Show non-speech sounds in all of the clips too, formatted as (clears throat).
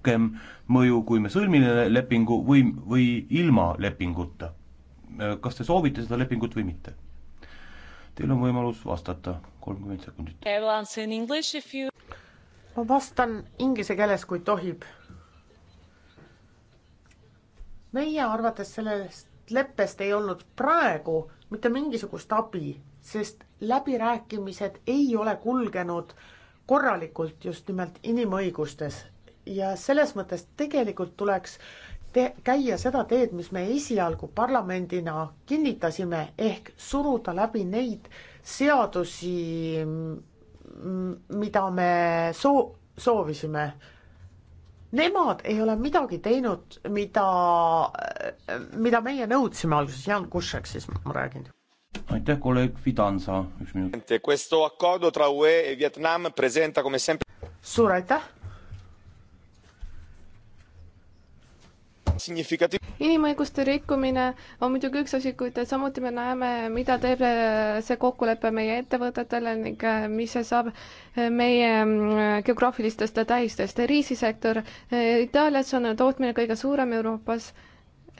rohkem mõju, kui me sõlmime lepingu või, või ilma lepinguta. Äh, kas te soovite seda lepingut või mitte? Teil on võimalus vastata, kolmkümmend sekundit. ma vastan inglise keeles, kui tohib. meie arvates sellest leppest ei olnud praegu mitte mingisugust abi, sest läbirääkimised ei ole kulgenud korralikult just nimelt inimõigustes ja selles mõttes tegelikult tuleks te-, käia seda teed, mis me esialgu parlamendina kinnitasime, ehk suruda läbi neid seadusi, mida me soo-, soovisime. Nemad ei ole midagi teinud, mida, mida meie nõudsime alguses, Jan Kušek siis ma räägin. aitäh, kolleeg Fidanza, üks minut. E e suur aitäh inimõiguste rikkumine on muidugi üks asi, kuid samuti me näeme, mida teeb see kokkulepe meie ettevõtetele ning äh, mis saab äh, meie mm, geograafilistest tähistest. riisisektor, äh, Itaalias on tootmine kõige suurem Euroopas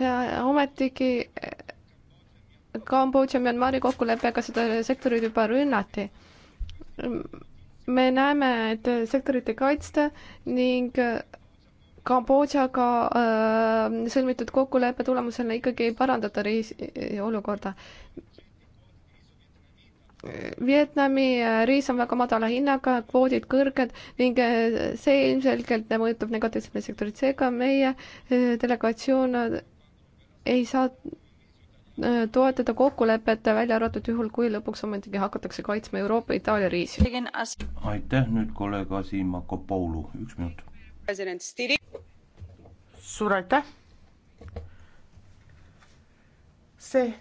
ja ometigi Kambodža, Myanmari kokkuleppega seda sektorit juba rünnati me näeme, et sektorit ei kaitsta ning Kambodžaga äh, sõlmitud kokkuleppe tulemusena ikkagi ei parandata reis-, olukorda. Vietnami äh, riis on väga madala hinnaga, kvoodid kõrged ning äh, see ilmselgelt mõjutab negatiivselt meie sektorit, seega meie äh, delegatsioon ei saa toetada kokkulepet, välja arvatud juhul, kui lõpuks ometigi hakatakse kaitsma Euroopa-Itaalia riisi. aitäh, nüüd kolleeg Asima Kopoulu, üks minut suur aitäh. see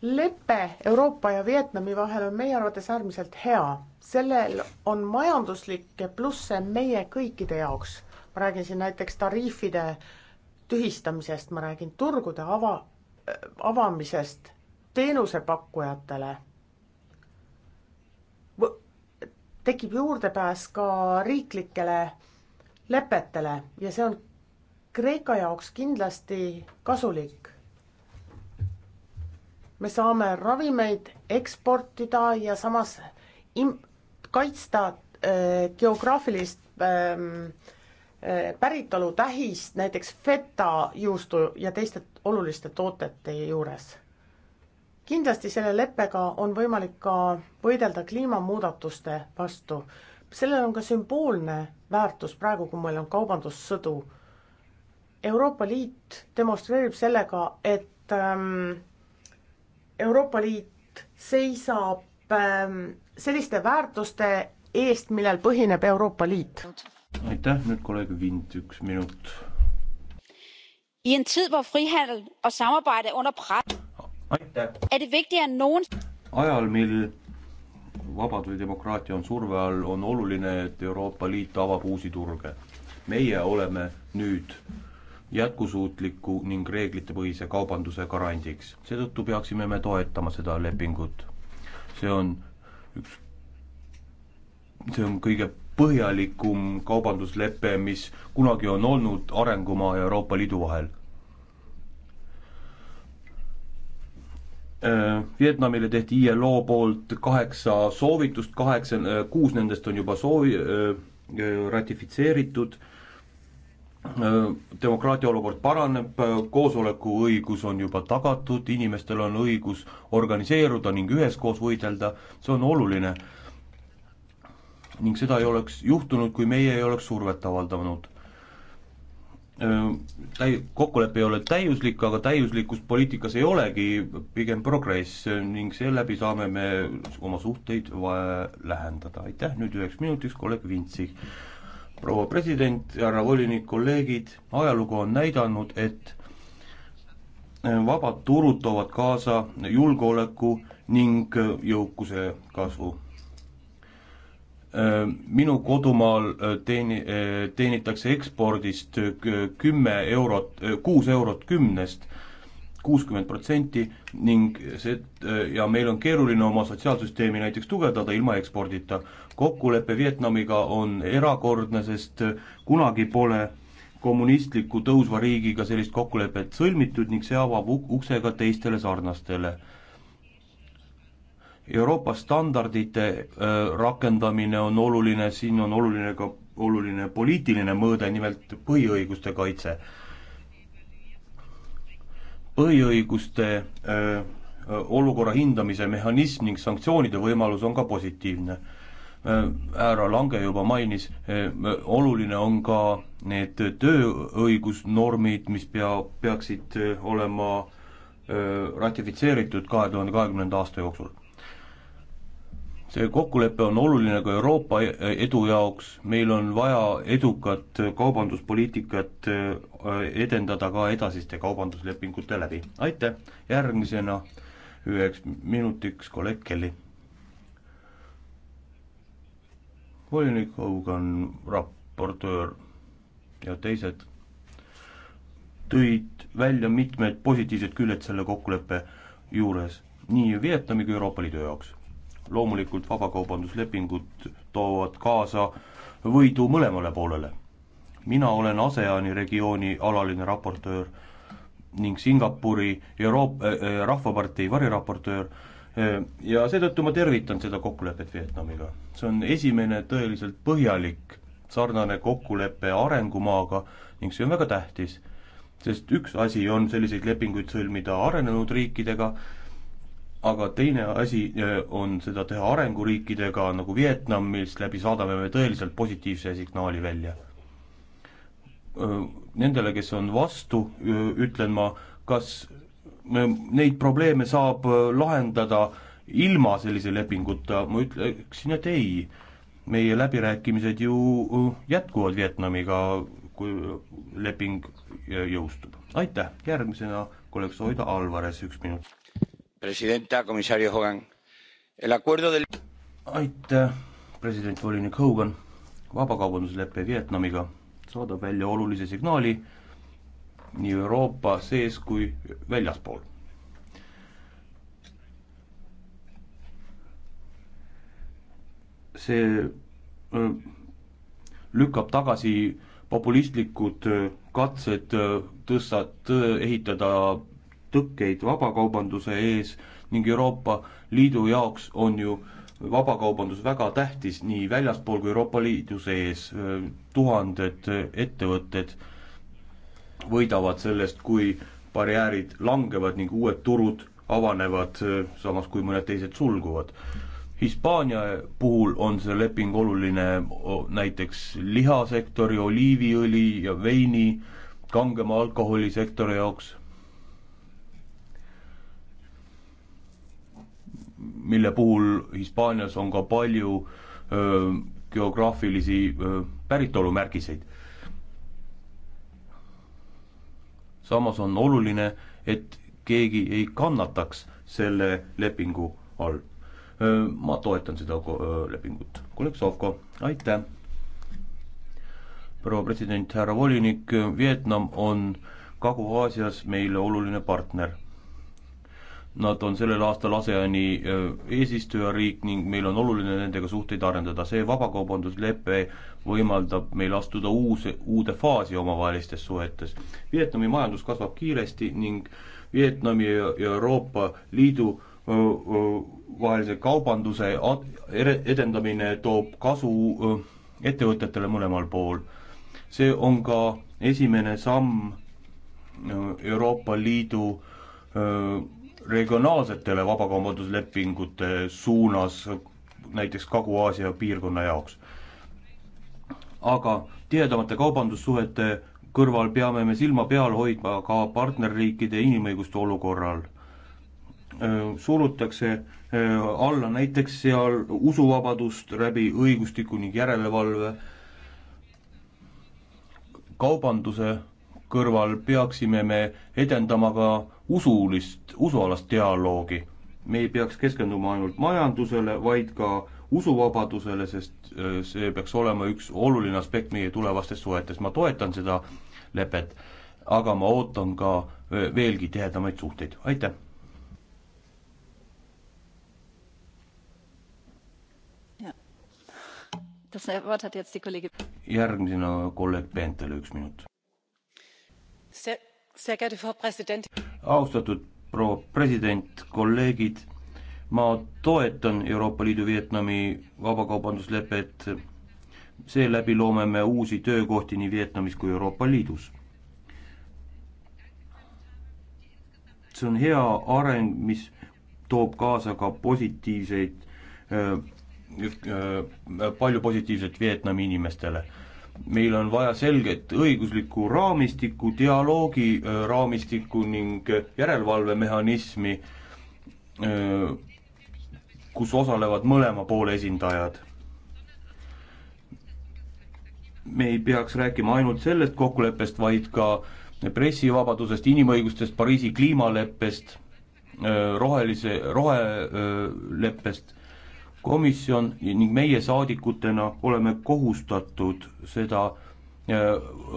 lepe Euroopa ja Vietnami vahel on meie arvates äärmiselt hea, sellel on majanduslikke plusse meie kõikide jaoks. ma räägin siin näiteks tariifide tühistamisest, ma räägin turgude ava, avamisest teenusepakkujatele tekib juurdepääs ka riiklikele lepetele ja see on Kreeka jaoks kindlasti kasulik. me saame ravimeid eksportida ja samas im-, kaitsta äh, geograafilist ähm, äh, päritolu tähist näiteks feta juustu ja teiste oluliste toodete juures. kindlasti selle leppega on võimalik ka võidelda kliimamuudatuste vastu sellel on ka sümboolne väärtus praegu, kui meil on kaubandussõdu. Euroopa Liit demonstreerib sellega, et ähm, Euroopa Liit seisab ähm, selliste väärtuste eest, millel põhineb Euroopa Liit. aitäh, nüüd kolleeg Vint, üks minut. Er aitäh. Er ajal, mil vabadus ja demokraatia on surve all, on oluline, et Euroopa Liit avab uusi turge. meie oleme nüüd jätkusuutliku ning reeglitepõhise kaubanduse garandiks. seetõttu peaksime me toetama seda lepingut. see on üks, see on kõige põhjalikum kaubanduslepe, mis kunagi on olnud arengumaa ja Euroopa Liidu vahel Äh, Vietnamile tehti ILO poolt kaheksa soovitust, kaheksa, äh, kuus nendest on juba soovi-, äh, ratifitseeritud, demokraatia olukord paraneb, koosolekuõigus on juba tagatud, inimestel on õigus organiseeruda ning üheskoos võidelda, see on oluline. ning seda ei oleks juhtunud, kui meie ei oleks survet avaldanud täi-, kokkulepe ei ole täiuslik, aga täiuslikkust poliitikas ei olegi, pigem progress ning seeläbi saame me oma suhteid vaja lähendada. aitäh, nüüd üheks minutiks kolleeg Vintsi. proua president, härra volinik, kolleegid, ajalugu on näidanud, et vabad turud toovad kaasa julgeoleku ning jõukuse kasvu Äh, minu kodumaal äh, teeni-, äh, teenitakse ekspordist kümme eurot, kuus eurot kümnest, kuuskümmend protsenti ning see, ja meil on keeruline oma sotsiaalsüsteemi näiteks tugevdada ilma ekspordita. kokkulepe Vietnamiga on erakordne, sest kunagi pole kommunistliku tõusva riigiga sellist kokkulepet sõlmitud ning see avab ukse ka teistele sarnastele Euroopa standardite äh, rakendamine on oluline, siin on oluline ka oluline poliitiline mõõde, nimelt põhiõiguste kaitse. põhiõiguste öö, äh, olukorra hindamise mehhanism ning sanktsioonide võimalus on ka positiivne. Äh, härra Lange juba mainis, oluline on ka need tööõigusnormid, mis pea, peaksid olema öö, ratifitseeritud kahe tuhande kahekümnenda aasta jooksul see kokkulepe on oluline ka Euroopa e-, edu jaoks, meil on vaja edukat kaubanduspoliitikat äh, edendada ka edasiste kaubanduslepingute läbi. aitäh, järgmisena üheks minutiks kolleeg Kelly. volinik Hogan, raportöör ja teised tõid välja mitmed positiivsed küljed selle kokkuleppe juures nii Vietnami kui Euroopa Liidu jaoks loomulikult vabakaubanduslepingud toovad kaasa võidu mõlemale poolele. mina olen ASEAN-i regiooni alaline raportöör ning Singapuri Euroop- äh,, äh Rahvapartei variraportöör äh, ja seetõttu ma tervitan seda kokkulepet Vietnamiga. see on esimene tõeliselt põhjalik sarnane kokkulepe arengumaaga ning see on väga tähtis, sest üks asi on selliseid lepinguid sõlmida arenenud riikidega, aga teine asi eh, on seda teha arenguriikidega, nagu Vietnam, millest läbi saadame me tõeliselt positiivse signaali välja. Nendele, kes on vastu, ütlen ma, kas neid probleeme saab lahendada ilma sellise lepinguta, ma ütleksin, et ei. meie läbirääkimised ju jätkuvad Vietnamiga, kui leping jõustub. aitäh, järgmisena kolleeg Soida Alvares, üks minut aitäh, president volinik Hogan. vabakaubanduslepe Vietnamiga saadab välja olulise signaali nii Euroopa sees kui väljaspool. see äh, lükkab tagasi populistlikud äh, katsed äh, tõsta, ehitada tõkkeid vabakaubanduse ees ning Euroopa Liidu jaoks on ju vabakaubandus väga tähtis nii väljaspool kui Euroopa Liidu sees. tuhanded ettevõtted võidavad sellest, kui barjäärid langevad ning uued turud avanevad, samas kui mõned teised sulguvad. Hispaania puhul on see leping oluline näiteks lihasektori, oliiviõli ja veini, kangema alkoholi sektori jaoks mille puhul Hispaanias on ka palju öö, geograafilisi öö, päritolumärgiseid. samas on oluline, et keegi ei kannataks selle lepingu all. ma toetan seda öö, lepingut. kolleeg Sovko, aitäh! proua president, härra volinik, Vietnam on Kagu-Aasias meile oluline partner Nad on sellel aastal ASEAN-i äh, eesistujariik ning meil on oluline nendega suhteid arendada. see vabakaubanduslepe võimaldab meil astuda uus, uude faasi omavahelistes suhetes. Vietnami majandus kasvab kiiresti ning Vietnami ja Euroopa Liidu vahelise kaubanduse edendamine toob kasu ettevõtetele mõlemal pool. see on ka esimene samm Euroopa Liidu regionaalsetele vabakaubanduslepingute suunas näiteks Kagu-Aasia piirkonna jaoks. aga tihedamate kaubandussuhete kõrval peame me silma peal hoidma ka partnerriikide inimõiguste olukorral. surutakse alla näiteks seal usuvabadust läbi õigustiku ning järelevalve, kaubanduse kõrval peaksime me edendama ka usulist, usualast dialoogi. me ei peaks keskenduma ainult majandusele, vaid ka usuvabadusele, sest äh, see peaks olema üks oluline aspekt meie tulevastes suhetes, ma toetan seda lepet, aga ma ootan ka äh, veelgi tihedamaid suhteid, aitäh! järgmisena kolleeg Peentele üks minut austatud proua president, kolleegid, ma toetan Euroopa Liidu Vietnami vabakaubanduslepet, seeläbi loome me uusi töökohti nii Vietnamis kui Euroopa Liidus. see on hea areng, mis toob kaasa ka positiivseid, äh, äh, palju positiivset Vietnami inimestele meil on vaja selget õiguslikku raamistikku, dialoogi äh, raamistikku ning äh, järelevalvemehhanismi, äh, kus osalevad mõlema poole esindajad. me ei peaks rääkima ainult sellest kokkuleppest, vaid ka pressivabadusest, inimõigustest, Pariisi kliimaleppest, rohelise, roheleppest komisjon ning meie saadikutena oleme kohustatud seda äh,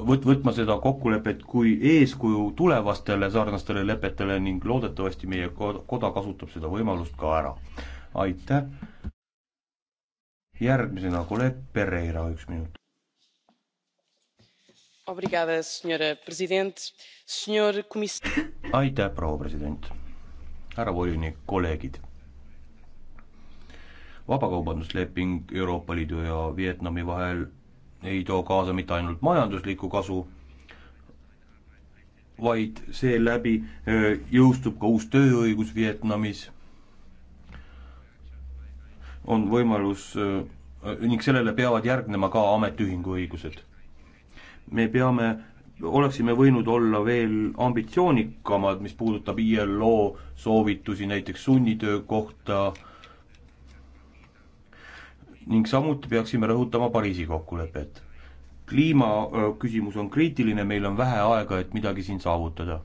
võt-, võtma seda kokkulepet kui eeskuju tulevastele sarnastele lepetele ning loodetavasti meie kod-, koda kasutab seda võimalust ka ära. aitäh! järgmisena kolleeg Pereira, üks minut. aitäh, proua president! härra volinik, kolleegid vabakaubandusleping Euroopa Liidu ja Vietnami vahel ei too kaasa mitte ainult majanduslikku kasu, vaid seeläbi jõustub ka uus tööõigus Vietnamis, on võimalus ning sellele peavad järgnema ka ametiühingu õigused. me peame, oleksime võinud olla veel ambitsioonikamad, mis puudutab ILO soovitusi näiteks sunnitöö kohta äh,, ning samuti peaksime rõhutama Pariisi kokkulepet. kliimaküsimus on kriitiline, meil on vähe aega, et midagi siin saavutada.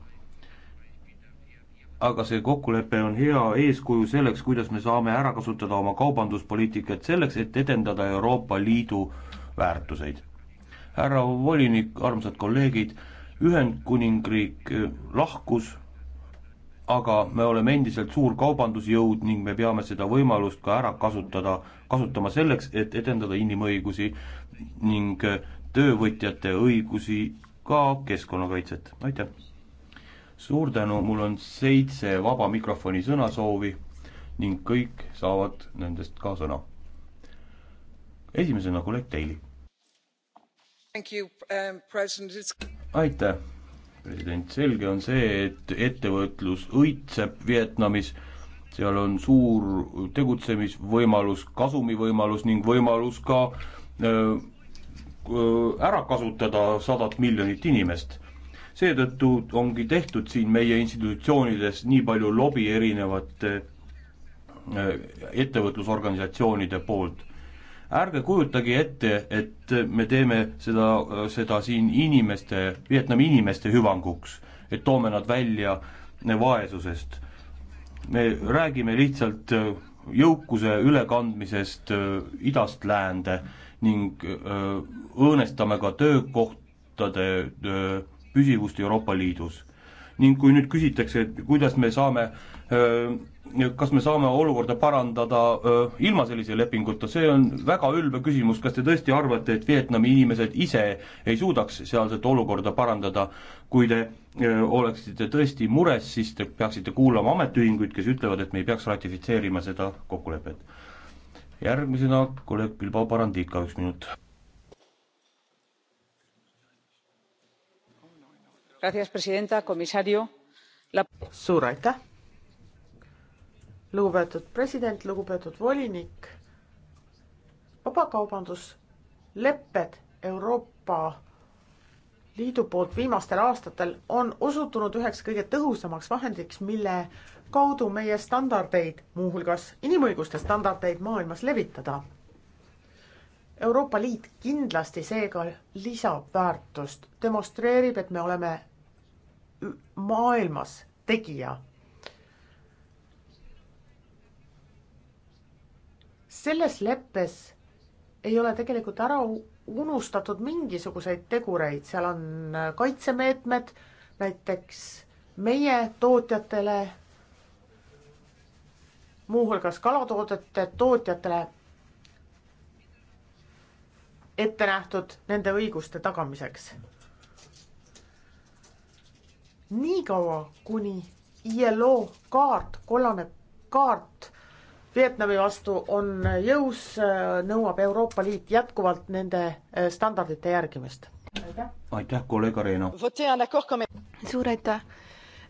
aga see kokkulepe on hea eeskuju selleks, kuidas me saame ära kasutada oma kaubanduspoliitikat selleks, et edendada Euroopa Liidu väärtuseid. härra volinik, armsad kolleegid, Ühendkuningriik lahkus aga me oleme endiselt suur kaubandusjõud ning me peame seda võimalust ka ära kasutada, kasutama selleks, et edendada inimõigusi ning töövõtjate õigusi, ka keskkonnakaitset, aitäh! suur tänu, mul on seitse vaba mikrofoni sõnasoovi ning kõik saavad nendest ka sõna. esimesena kolleeg um, Daly. aitäh! president, selge on see, et ettevõtlus õitseb Vietnamis, seal on suur tegutsemisvõimalus, kasumivõimalus ning võimalus ka öö, ära kasutada sadat miljonit inimest. seetõttu ongi tehtud siin meie institutsioonides nii palju lobi erinevate ettevõtlusorganisatsioonide poolt ärge kujutage ette, et me teeme seda, seda siin inimeste, Vietnami inimeste hüvanguks, et toome nad välja vaesusest. me räägime lihtsalt jõukuse ülekandmisest äh, idast läände ning äh, õõnestame ka töökohtade äh, püsivust Euroopa Liidus ning kui nüüd küsitakse, et kuidas me saame, kas me saame olukorda parandada ilma sellise lepinguta, see on väga ülbe küsimus, kas te tõesti arvate, et Vietnami inimesed ise ei suudaks sealset olukorda parandada, kui te oleksite tõesti mures, siis te peaksite kuulama ametiühinguid, kes ütlevad, et me ei peaks ratifitseerima seda kokkulepet. järgmisena kolleeg Bilbao Barandika, üks minut suur aitäh! lugupeetud president, lugupeetud volinik, vabakaubanduslepped Euroopa Liidu poolt viimastel aastatel on osutunud üheks kõige tõhusamaks vahendiks, mille kaudu meie standardeid, muuhulgas inimõiguste standardeid maailmas levitada. Euroopa Liit kindlasti seega lisab väärtust, demonstreerib, et me oleme maailmas tegija. selles leppes ei ole tegelikult ära unustatud mingisuguseid tegureid, seal on äh, kaitsemeetmed näiteks meie tootjatele, muuhulgas kalatoodete tootjatele ette nähtud nende õiguste tagamiseks niikaua, kuni ILO kaart, kollane kaart Vietnami vastu on jõus, nõuab Euroopa Liit jätkuvalt nende eh, standardite järgimist. aitäh, aitäh, kolleeg Areno. suur aitäh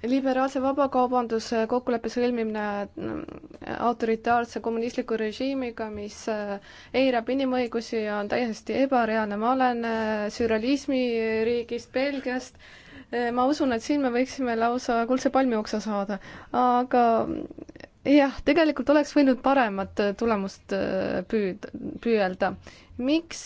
liberaalse vabakaubanduse kokkuleppe sõlmimine mm, autoritaarse kommunistliku režiimiga, mis eh, eirab inimõigusi ja on täiesti ebareaalne. ma olen eh, sürrealismi riigist Belgiast Äh, ma usun, et siin me võiksime lausa kuldse palmi oksa saada, aga mm, jah, tegelikult oleks võinud paremat äh, tulemust äh, püüd-, püüelda. miks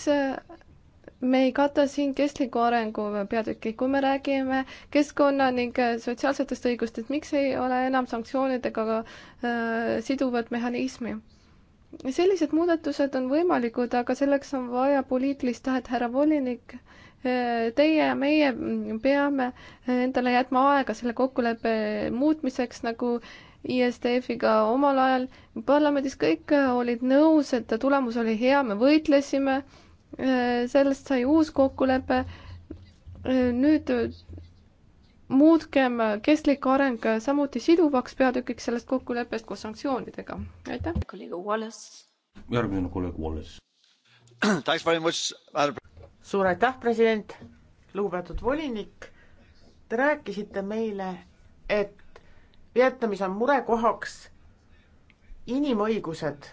me ei kata siin kestliku arengu peatükki, kui me räägime keskkonna ning sotsiaalsetest õigustest, miks ei ole enam sanktsioonidega äh, siduvat mehhanismi? sellised muudatused on võimalikud, aga selleks on vaja poliitilist tahet, härra volinik äh,, Teie ja meie peame endale jätma aega selle kokkuleppe muutmiseks, nagu ISDF-iga omal ajal parlamendis kõik olid nõus, et tulemus oli hea, me võitlesime, sellest sai uus kokkulepe. nüüd muutkem kestlik areng samuti siduvaks peatükiks sellest kokkuleppest koos sanktsioonidega. aitäh. kolleeg Wallace. järgmine kolleeg Wallace suur aitäh, president, lugupeetud volinik. Te rääkisite meile, et Vietnamis on murekohaks inimõigused.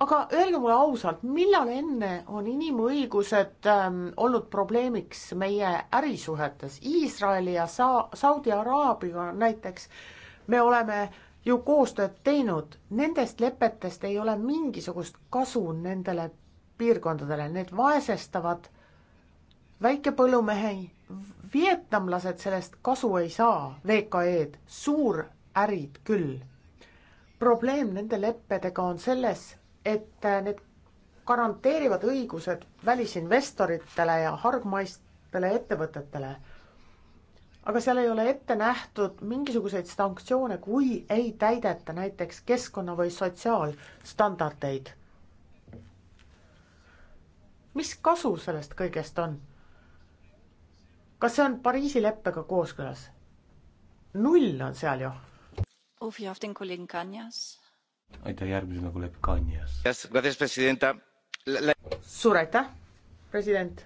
aga öelge mulle ausalt, millal enne on inimõigused ähm, olnud probleemiks meie ärisuhetes Iisraeli ja Sa-, Saudi Araabiga näiteks? me oleme äh, ju koostööd teinud, nendest lepetest ei ole mingisugust kasu nendele piirkondadele, need vaesestavad väikepõllumehi, vietnamlased sellest kasu ei saa, VKE-d, suurärid küll. probleem nende leppedega on selles, et need garanteerivad õigused välisinvestoritele ja hargmaistele ettevõtetele aga seal ei ole ette nähtud mingisuguseid sanktsioone, kui ei täideta näiteks keskkonna või sotsiaalstandardeid. mis kasu sellest kõigest on? kas see on Pariisi leppega kooskõlas? null on seal ju. Oh, aitäh, järgmisena tuleb Kanjas. suur aitäh, president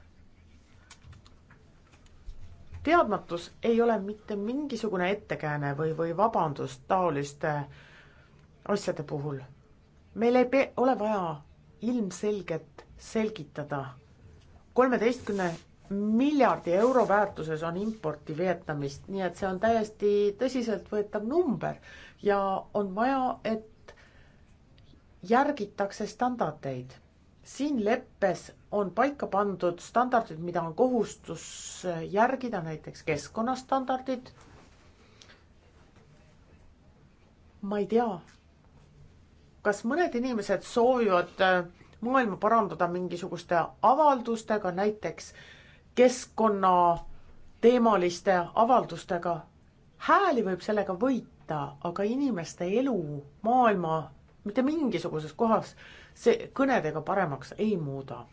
teadmatus ei ole mitte mingisugune ettekääne või, või vabandus taoliste asjade puhul. meil ei pe-, ole vaja ilmselgelt selgitada. kolmeteistkümne miljardi euro väärtuses on importi Vietnamist, nii et see on täiesti tõsiseltvõetav number ja on vaja, et järgitakse standardeid siin leppes on paika pandud standardid, mida on kohustus järgida, näiteks keskkonnastandardid. ma ei tea, kas mõned inimesed soovivad äh, maailma parandada mingisuguste avaldustega, näiteks keskkonnateemaliste avaldustega. hääli võib sellega võita, aga inimeste elu maailma mitte mingisuguses kohas see kõnedega paremaks ei muuda.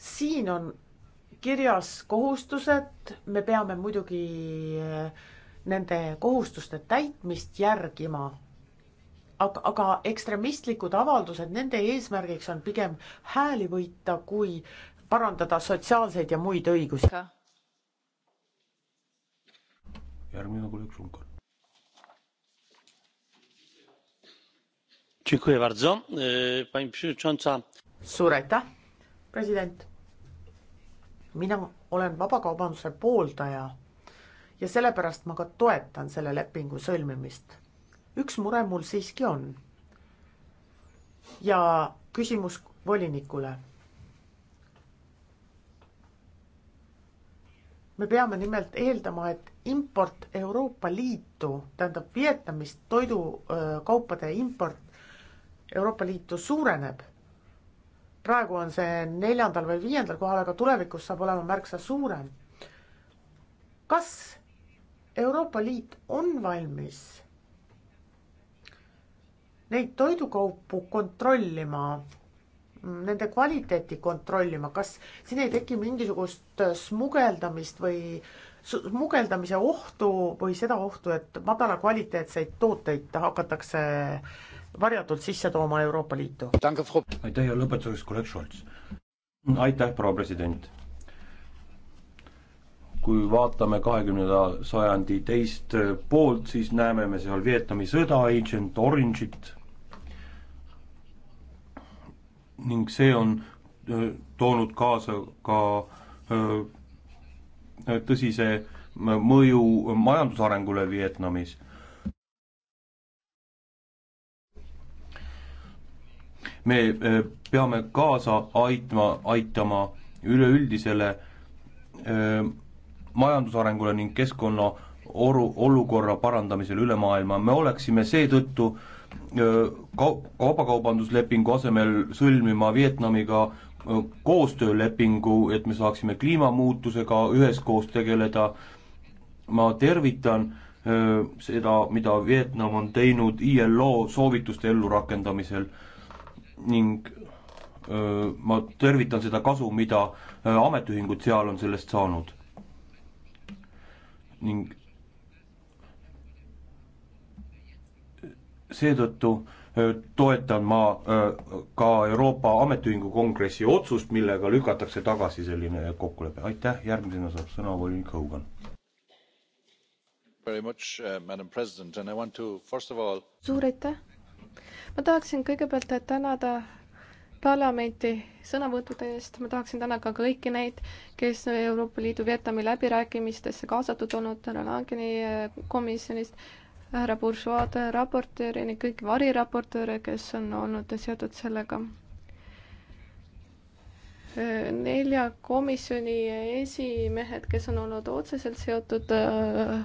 siin on kirjas kohustused, me peame muidugi äh, nende kohustuste täitmist järgima. aga, aga ekstremistlikud avaldused, nende eesmärgiks on pigem hääli võita, kui parandada sotsiaalseid ja muid õigusi. järgmine kolleeg Šunkar. suur aitäh, president. mina olen vabakaubanduse pooldaja ja sellepärast ma ka toetan selle lepingu sõlmimist. üks mure mul siiski on. ja küsimus volinikule. me peame nimelt eeldama, et import Euroopa Liitu, tähendab Vietnamist toidukaupade import Euroopa Liitu suureneb. praegu on see neljandal või viiendal kohal, aga tulevikus saab olema märksa suurem. kas Euroopa Liit on valmis neid toidukaupu kontrollima, nende kvaliteeti kontrollima, kas siin ei teki mingisugust smugeldamist või smugeldamise ohtu või seda ohtu, et madala kvaliteetseid tooteid hakatakse varjatult sisse tooma Euroopa Liitu. aitäh ja lõpetuseks kolleeg Scholz. aitäh, proua president. kui vaatame kahekümnenda sajandi teist poolt, siis näeme me seal Vietnami sõda, Agent Orange'it ning see on toonud kaasa ka tõsise mõju majandusarengule Vietnamis me äh, peame kaasa aitma, aitama üleüldisele äh, majandusarengule ning keskkonna oru-, olukorra parandamisele üle maailma, me oleksime seetõttu äh, kau-, kaubakaubanduslepingu asemel sõlmima Vietnamiga koostöölepingu, et me saaksime kliimamuutusega üheskoos tegeleda, ma tervitan seda, mida Vietnam on teinud ILO soovituste ellurakendamisel ning öö, ma tervitan seda kasu, mida ametiühingud seal on sellest saanud. ning seetõttu toetan ma ka Euroopa Ametiühingu Kongressi otsust, millega lükatakse tagasi selline kokkulepe. aitäh, järgmisena saab sõna volinik Hogan. Uh, suur aitäh, ma tahaksin kõigepealt tänada parlamenti sõnavõttude eest, ma tahaksin tänada ka kõiki neid, kes Euroopa Liidu Vietnami läbirääkimistesse kaasatud olnud, härra Langeni eh, komisjonist, härra Bourgeois raportööri ning kõiki variraportööre, kes on olnud seotud sellega nelja komisjoni esimehed, kes on olnud otseselt seotud, äh,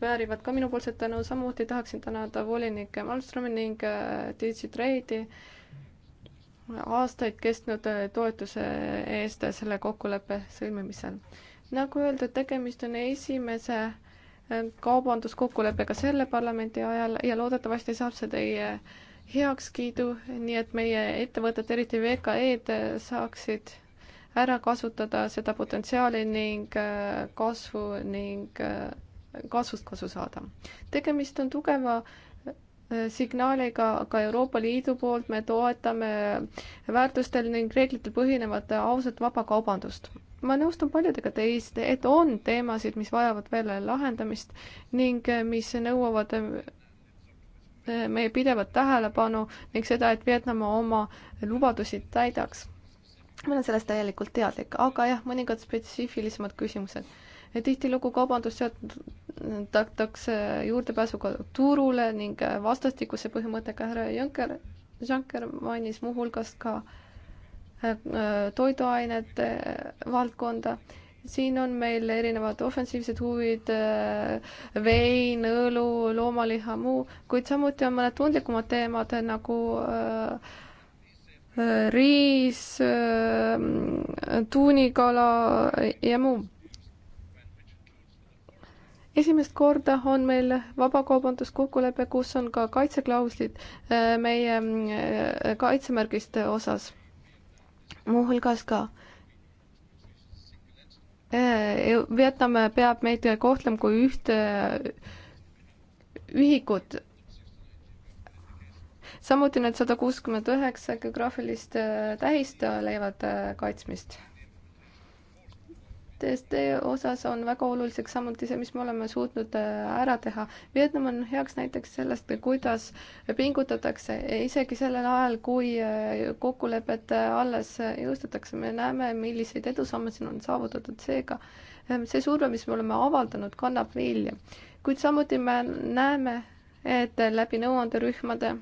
väärivad ka minupoolset tänu, samuti tahaksin tänada volinik Malmströmi ning äh, DigiTrade'i aastaid kestnud äh, toetuse eest selle kokkuleppe sõlmimisel. nagu öeldud, tegemist on esimese kaubanduskokkuleppega selle parlamendi ajal ja loodetavasti saab see teie heakskiidu, nii et meie ettevõtted, eriti VKE-d, saaksid ära kasutada seda potentsiaali ning äh, kasvu ning äh, kasvust kasu saada. tegemist on tugeva äh, signaaliga ka Euroopa Liidu poolt, me toetame väärtustel ning reeglitel põhinevat ausat vabakaubandust. ma nõustun paljudega teist, et on teemasid, mis vajavad veel lahendamist ning mis nõuavad meie pidevat tähelepanu ning seda, et Vietnam oma lubadusi täidaks ma olen sellest täielikult teadlik, aga jah, mõningad spetsiifilisemad küsimused. tihtilugu kaubandus seotakse juurdepääsuga turule ning vastastikuse põhimõttega härra Juncker, Juncker mainis muuhulgas ka äh, toiduainete valdkonda. siin on meil erinevad ofensiivsed huvid, äh, vein, õlu, loomaliha, muu, kuid samuti on mõned tundlikumad teemad nagu äh, Äh, riis, äh, tuunikala ja muu. esimest korda on meil vabakaubanduskokkulepe, kus on ka kaitseklauslid äh, meie kaitsemärgiste osas, muuhulgas ka Vietnam peab meid kohtlema kui ühte ühikut samuti need sada kuuskümmend üheksa geograafilist äh, tähist äh, leiavad äh, kaitsmist. DSD osas on väga oluliseks samuti see, mis me oleme suutnud ära teha. Vietnam on heaks näiteks sellest, kuidas pingutatakse isegi sellel ajal, kui kokkulepet alles jõustatakse, me näeme, milliseid edusamme siin on saavutatud, seega ähm, see surve, mis me oleme avaldanud, kannab vilja. kuid samuti me näeme, et läbi nõuanderühmade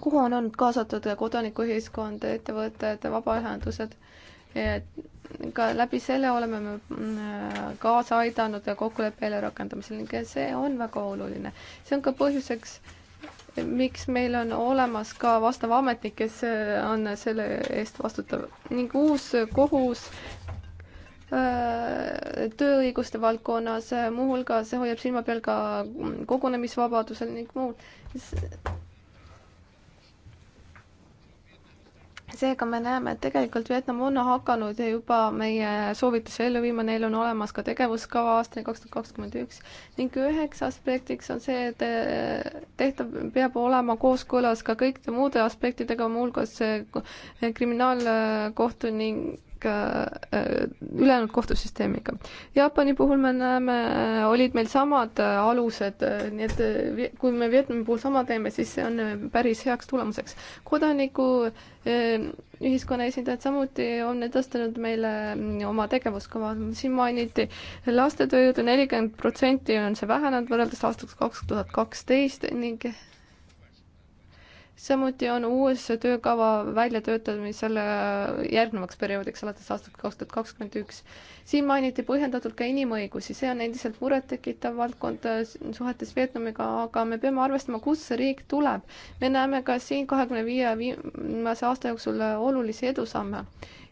kuhu on olnud kaasatud kodanikuühiskond, ettevõtted, vabaühendused. ka läbi selle oleme me mm, kaasa aidanud kokkuleppele rakendamisel ning see on väga oluline. see on ka põhjuseks, miks meil on olemas ka vastav ametnik, kes äh, on selle eest vastutav ning uus kohus äh, tööõiguste valdkonnas äh, muuhulgas hoiab silma peal ka mm, kogunemisvabadusel ning muud seega me näeme, et tegelikult Vietnam on hakanud juba meie soovitusi ellu viima, neil on olemas ka tegevuskava aastani kaks tuhat kakskümmend üks ning üheks aspektiks on see, et eh, tehtav peab olema kooskõlas ka kõikide muude aspektidega, muuhulgas eh, kriminaalkohtu ning ka äh, äh, ülejäänud kohtusüsteemiga. Jaapani puhul me näeme, äh, olid meil samad alused, nii et kui me Vietnami puhul sama teeme, siis see on päris heaks tulemuseks. kodanikuühiskonna esindajad samuti on edastanud meile mm, oma tegevuskava, siin mainiti lastetööjõudu, nelikümmend protsenti on see vähenenud võrreldes aastaks kaks tuhat kaksteist ning samuti on uus töökava väljatöötamisel järgnevaks perioodiks alates aastast kaks tuhat kakskümmend üks. siin mainiti põhjendatult ka inimõigusi, see on endiselt murettekitav valdkond äh, suhetes Vietnamiga, aga me peame arvestama, kust see riik tuleb. me näeme ka siin kahekümne viie viimase aasta jooksul äh, olulisi edusamme.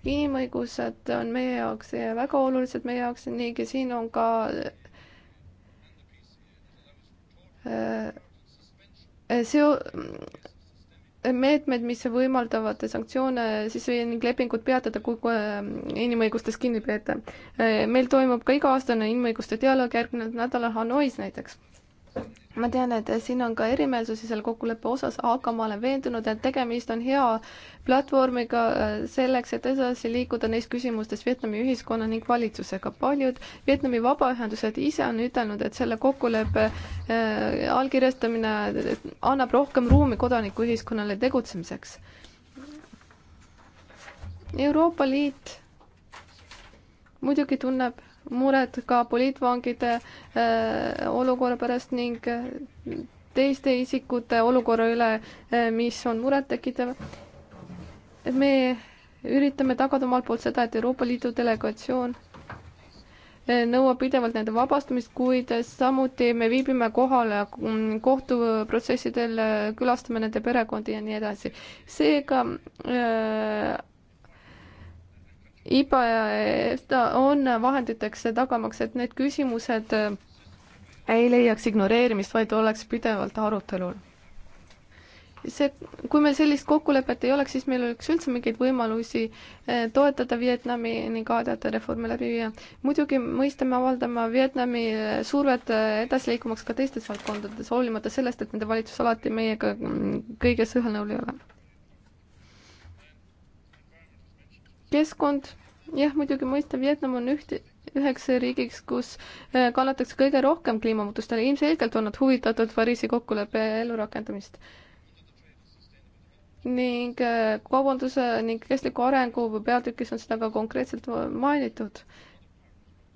inimõigused on meie jaoks äh, väga olulised meie jaoks ning siin on ka see meetmed, mis võimaldavad sanktsioone siis ning lepingut peatada, kui inimõigustest kinni peeta. meil toimub ka iga-aastane inimõiguste dialoog järgnenud nädalal Hanois näiteks ma tean, et siin on ka erimeelsusi selle kokkuleppe osas, aga ma olen veendunud, et tegemist on hea platvormiga äh, selleks, et edasi liikuda neis küsimustes Vietnami ühiskonna ning valitsusega. paljud Vietnami vabaühendused ise on ütelnud, et selle kokkuleppe äh, allkirjastamine äh, annab rohkem ruumi kodanikuühiskonnale tegutsemiseks. Euroopa Liit muidugi tunneb muret ka poliitvangide äh, olukorra pärast ning äh, teiste isikute olukorra üle, äh, mis on murettekitav. me üritame tagada omalt poolt seda, et Euroopa Liidu delegatsioon nõuab pidevalt nende vabastamist, kuid samuti me viibime kohal mm, kohtuprotsessidel, külastame nende perekondi ja nii edasi. seega äh, IBA ja EFTA on vahenditeks tagamaks, et need küsimused äh, ei leiaks ignoreerimist, vaid oleks pidevalt arutelul. see, kui meil sellist kokkulepet ei oleks, siis meil oleks üldse mingeid võimalusi äh, toetada Vietnami ning aadete reforme läbi viia. muidugi mõistame avaldama Vietnami äh, survet edasi liikumaks ka teistes valdkondades, hoolimata sellest, et nende valitsus alati meiega mm, kõiges ühel nõul ei ole keskkond, jah, muidugi mõista, Vietnam on üht, üheks riigiks, kus äh, kannatakse kõige rohkem kliimamuutustele, ilmselgelt on nad huvitatud Pariisi kokkuleppe ellurakendamist. ning äh, kaubanduse ning kestliku arengu peatükis on seda ka konkreetselt mainitud.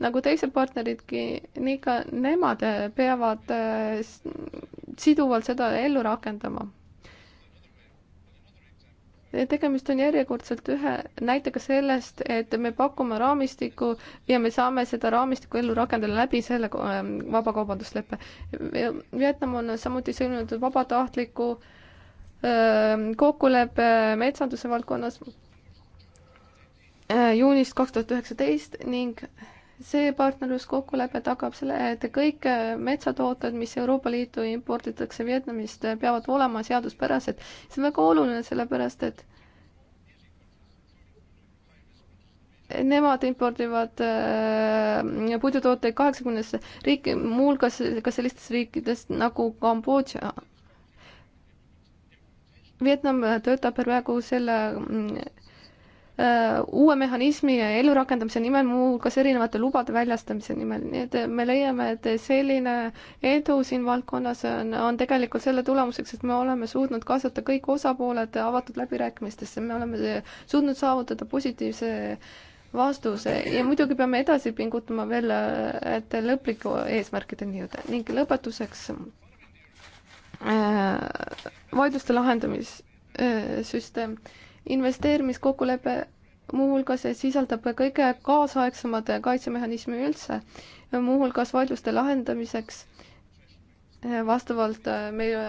nagu teised partneridki, nii ka nemad peavad äh, siduvalt seda ellu rakendama tegemist on järjekordselt ühe näitega sellest, et me pakume raamistikku ja me saame seda raamistikku ellu rakendada läbi selle ähm, vabakaubandusleppe. Vietnam on samuti sõlminud vabatahtliku ähm, kokkuleppe metsanduse valdkonnas äh, juunist kaks tuhat üheksateist ning see partnerluskokkulepe tagab selle, et kõik äh, metsatooted, mis Euroopa Liitu imporditakse Vietnamist, äh, peavad olema seaduspärased. see on väga oluline, sellepärast et nemad impordivad äh, puidutooteid kaheksakümnesse riiki, muuhulgas ka sellistest riikidest nagu Kambodža. Vietnam äh, töötab praegu selle mm, Äh, uue mehhanismi ellurakendamise nimel, muuhulgas erinevate lubade väljastamise nimel, nii et me leiame, et selline edu siin valdkonnas on, on tegelikult selle tulemuseks, et me oleme suutnud kaasata kõik osapooled avatud läbirääkimistesse, me oleme suutnud saavutada positiivse vastuse ja muidugi peame edasi pingutama veel, et lõpliku eesmärkideni jõuda ning lõpetuseks äh, vaidluste lahendamissüsteem äh, investeerimiskokkulepe muuhulgas sisaldab kõige kaasaegsemad kaitsemehhanismi üldse, muuhulgas vaidluste lahendamiseks eh, vastavalt eh, meie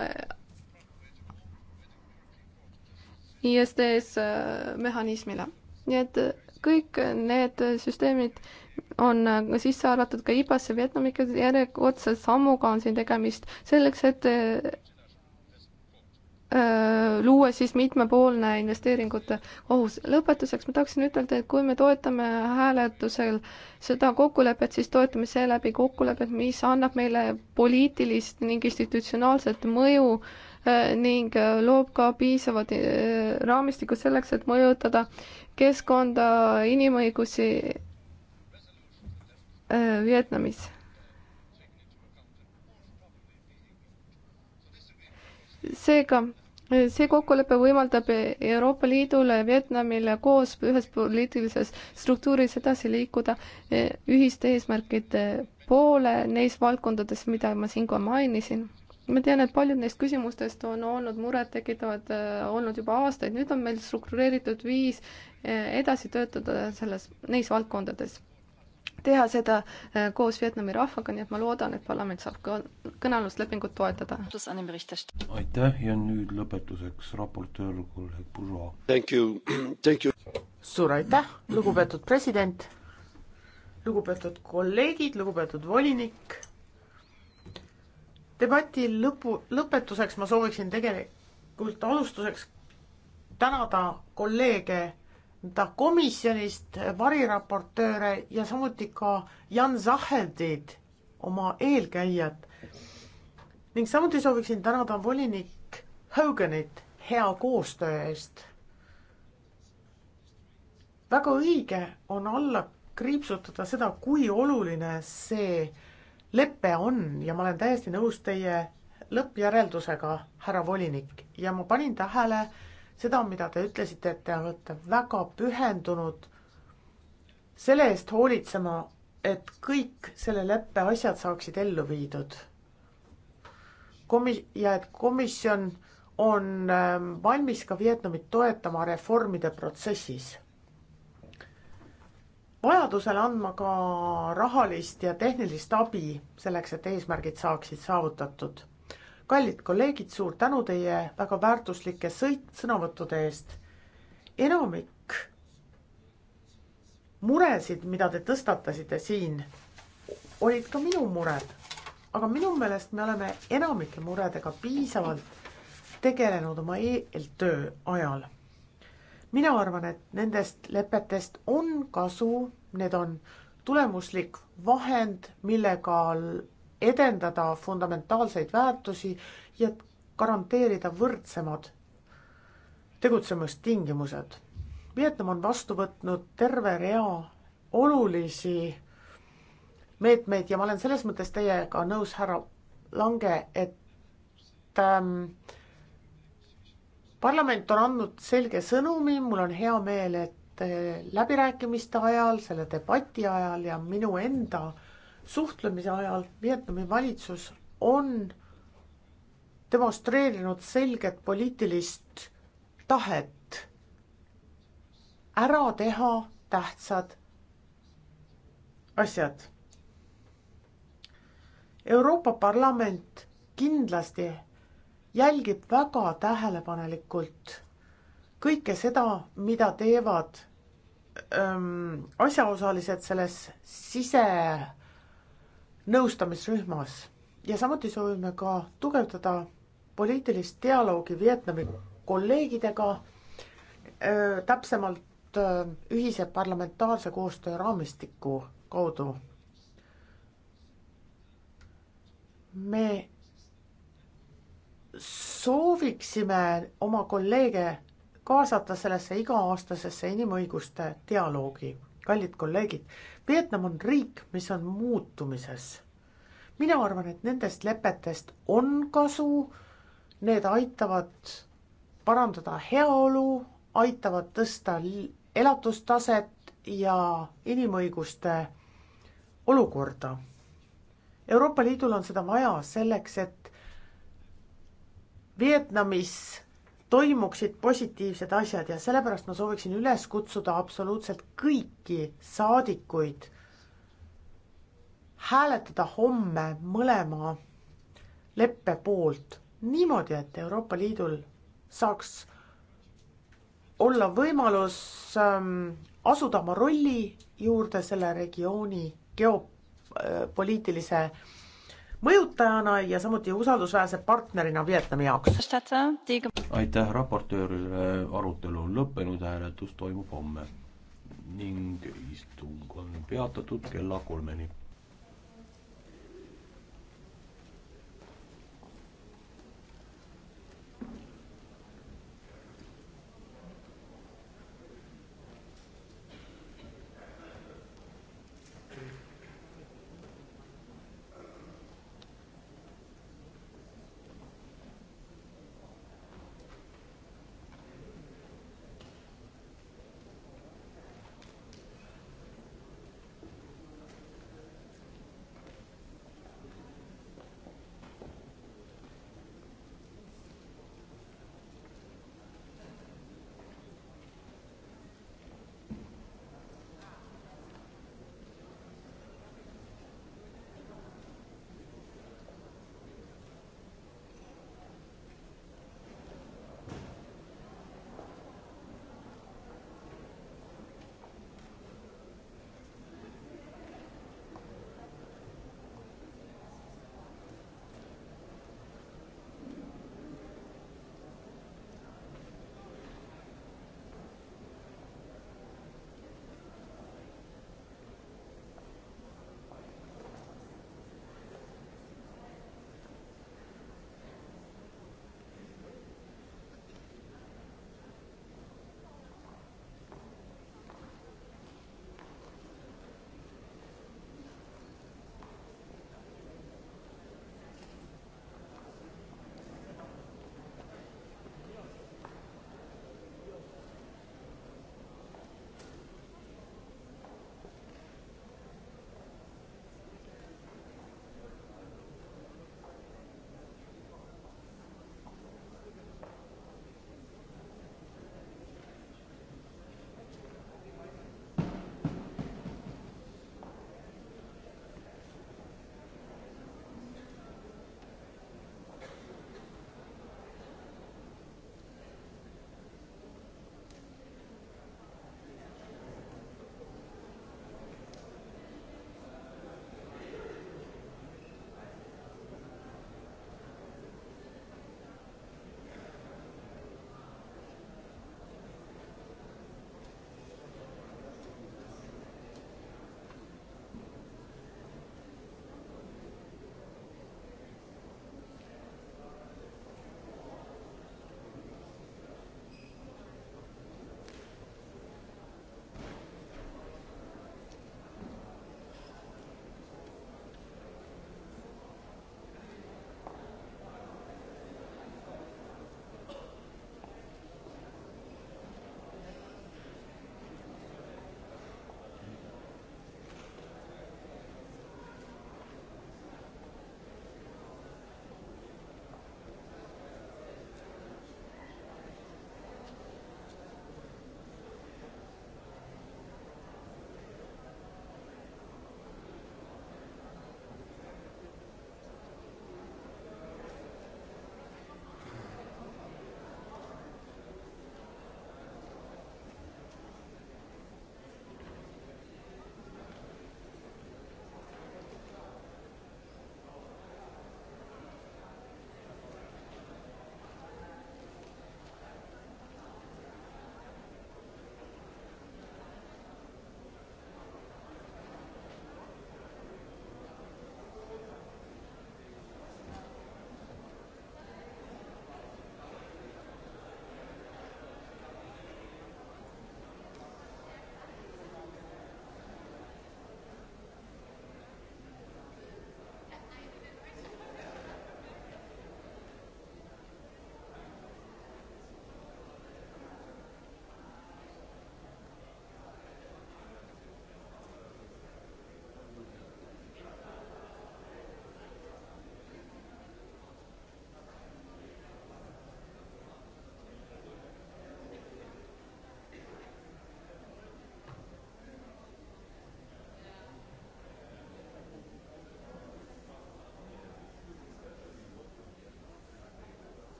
ISDS eh, mehhanismile. nii et kõik need süsteemid on sisse arvatud ka IBAS-e Vietnamiga järjekordse sammuga on siin tegemist selleks, et Äh, luues siis mitmepoolne investeeringute ohus. lõpetuseks ma tahaksin ütelda, et kui me toetame hääletusel seda kokkulepet, siis toetame seeläbi kokkulepet, mis annab meile poliitilist ning institutsionaalset mõju äh, ning äh, loob ka piisavad raamistikud selleks, et mõjutada keskkonda, inimõigusi Vietnamis seega see kokkulepe võimaldab Euroopa Liidule ja Vietnamile koos ühes poliitilises struktuuris edasi liikuda e, ühiste eesmärkide poole neis valdkondades, mida ma siinkohal mainisin. ma tean, et paljud neist küsimustest on olnud murettekitavad e, olnud juba aastaid, nüüd on meil struktureeritud viis e, edasi töötada selles, neis valdkondades teha seda äh, koos Vietnami rahvaga, nii et ma loodan, et parlament saab ka kõnealuslepingut toetada. aitäh ja nüüd lõpetuseks raportöör kolleeg Bourgeois. (clears throat) suur aitäh, lugupeetud president, lugupeetud kolleegid, lugupeetud volinik. debati lõpu, lõpetuseks ma sooviksin tegelikult alustuseks tänada kolleege ta komisjonist variraportööre ja samuti ka Jan Zaheldit, oma eelkäijat. ning samuti sooviksin tänada volinik Hoganit hea koostöö eest. väga õige on alla kriipsutada seda, kui oluline see lepe on ja ma olen täiesti nõus teie lõppjäreldusega, härra volinik, ja ma panin tähele, seda, mida te ütlesite, et te olete väga pühendunud selle eest hoolitsema, et kõik selle leppe asjad saaksid ellu viidud. Komi- ja et komisjon on ähm, valmis ka Vietnamit toetama reformide protsessis. vajadusel andma ka rahalist ja tehnilist abi selleks, et eesmärgid saaksid saavutatud kallid kolleegid, suur tänu teie väga väärtuslike sõit-, sõnavõttude eest. enamik muresid, mida te tõstatasite siin, olid ka minu mured. aga minu meelest me oleme enamike muredega piisavalt tegelenud oma eeltöö ajal. mina arvan, et nendest lepetest on kasu, need on tulemuslik vahend, millega edendada fundamentaalseid väärtusi ja garanteerida võrdsemad tegutsemistingimused. Vietnam on vastu võtnud terve rea olulisi meetmeid ja ma olen selles mõttes teiega nõus, härra Lange, et ähm, parlament on andnud selge sõnumi, mul on hea meel, et äh, läbirääkimiste ajal, selle debati ajal ja minu enda suhtlemise ajal Vietnami valitsus on demonstreerinud selget poliitilist tahet ära teha tähtsad asjad. Euroopa Parlament kindlasti jälgib väga tähelepanelikult kõike seda, mida teevad öö, ähm, asjaosalised selles sise nõustamisrühmas ja samuti soovime ka tugevdada poliitilist dialoogi Vietnami kolleegidega, täpsemalt ühise parlamentaarse koostöö raamistiku kaudu. me sooviksime oma kolleege kaasata sellesse iga-aastasesse inimõiguste dialoogi. kallid kolleegid, Vietnam on riik, mis on muutumises. mina arvan, et nendest lepetest on kasu. Need aitavad parandada heaolu, aitavad tõsta elatustaset ja inimõiguste olukorda. Euroopa Liidul on seda vaja selleks, et Vietnamis toimuksid positiivsed asjad ja sellepärast ma sooviksin üles kutsuda absoluutselt kõiki saadikuid hääletada homme mõlema leppe poolt niimoodi, et Euroopa Liidul saaks olla võimalus ähm, asuda oma rolli juurde selle regiooni geopoliitilise äh, mõjutajana ja samuti usaldusväärse partnerina Vietnami jaoks. aitäh raportöörile, arutelu on lõppenud, hääletus toimub homme ning istung on peatatud kella kolmeni